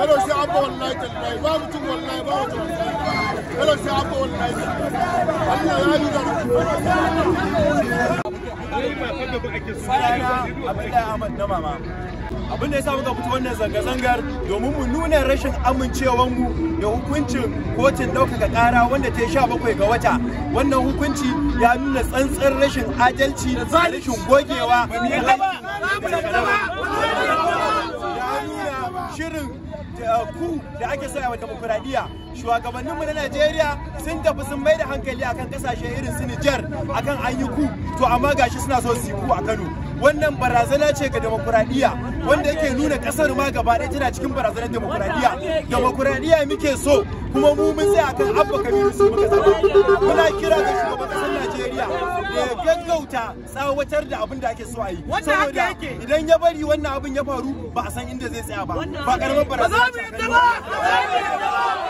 hello sai abba wallahi tallahi ba mu mutum wallahi ba mutum hello sai abba wallahi Allah ya yi da abin da ya sa muka fito wannan zanga-zangar domin mu nuna rashin amincewanmu da hukuncin kotun daukaka kara wanda ta yi sha bakwai ga wata wannan hukunci ya nuna tsantsan rashin adalci da rashin gogewa da shirin Eh, ku da ake sa wa demokuraɗiyya shugabanninmu na najeriya sun tafi sun mai da hankali akan kasashe irin su nijar akan ayyuku to amma gashi suna so su ku a kano wannan barazana ce ga demokuraɗiyya wanda yake nuna kasar ma gaba ɗaya tana cikin barazanar demokuraɗiyya demokuraɗiyya muke so kuma mu mun tsaya akan abba kabiru su muka zama muna kira ga Najeriya da ya gaggauta tsawatar da abin da ake so a yi. Saboda idan ya bari wannan abin ya faru ba a san inda zai tsaya ba. Ba karamin barazana. Ba za mu yi ba!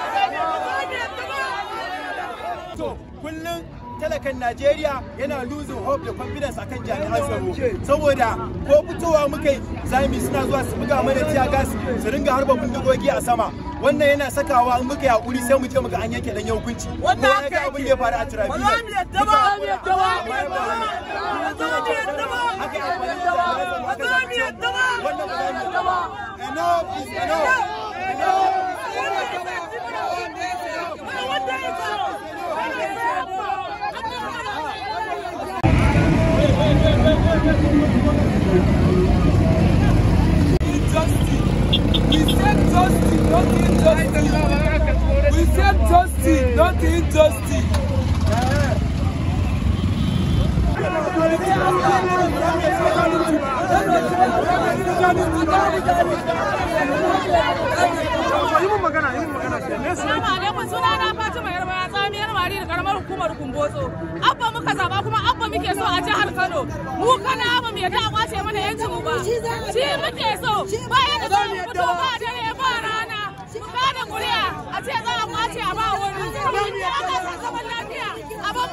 kan Najeriya yana lose hope da confidence kan jami'an tsaro saboda ko fitowa muka yi zami suna zuwa su buga mana tiya gas su ringa harba bindigogi a sama wannan yana sakawa in muka yakuri sai mu je muka an yake dan hukunci wannan yi abin da ya faru a tirabi ba justice. We said justice, not injustice. Fatima mari da karamar hukumar Kumbotso. Abba muka zaba kuma abba muke so a jihar Kano. Mu kana ba mu mana yancin mu ba. Shi muke so. Ba yadda mu fito ba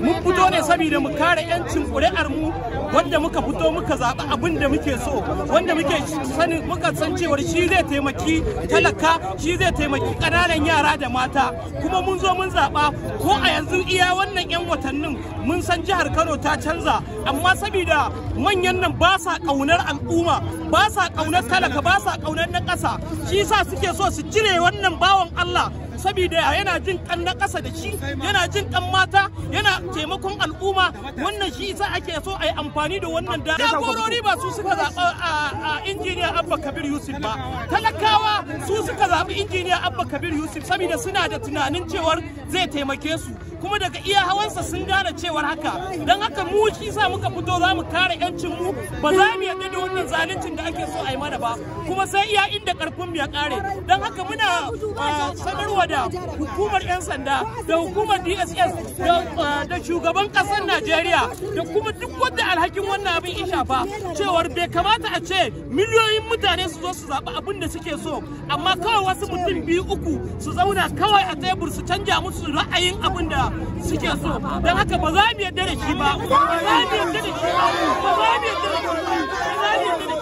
mun fito ne saboda mu kare 'yancin ƙuri'ar mu wanda muka fito muka zaɓi abin da muke so wanda muke sanin muka san cewar shi zai taimaki talaka shi zai taimaki ƙananan yara da mata kuma mun zo mun zaɓa ko a yanzu iya wannan 'yan watannin mun san jihar Kano ta canza amma saboda manyan nan ba sa ƙaunar al'umma ba sa ƙaunar talaka ba sa ƙaunar na ƙasa shi sa suke so su cire wannan bawan Allah saboda yana jin kan na ƙasa da shi yana jin kan mata yana taimakon al'umma wannan shi isa ake so a yi amfani da wannan da jagorori ba su suka zaɓa a injiniya abba kabir yusuf ba talakawa su suka zaɓi injiniya abba kabir yusuf saboda suna da tunanin cewar zai taimake su kuma daga iya hawansa sun gane cewar haka don haka mu shi sa muka fito za mu kare 'yancin mu ba za mu yadda da wannan zaluncin da ake so a yi mana ba kuma sai iya inda karfin mu ya kare don haka muna sanarwa da hukumar 'yan sanda da hukumar dss eh, da shugaban kasar najeriya da kuma duk wanda alhakin wannan abin in shafa cewar bai kamata a ce miliyoyin mutane su zo su zaɓi abin da suke so amma kawai wasu mutum biyu uku su zauna kawai a tebur su canja musu ra'ayin abin da suke so don haka ba za mu yarda da shi ba ba za mu yarda da shi ba ba za mu yarda da shi ba ba za mu yarda da shi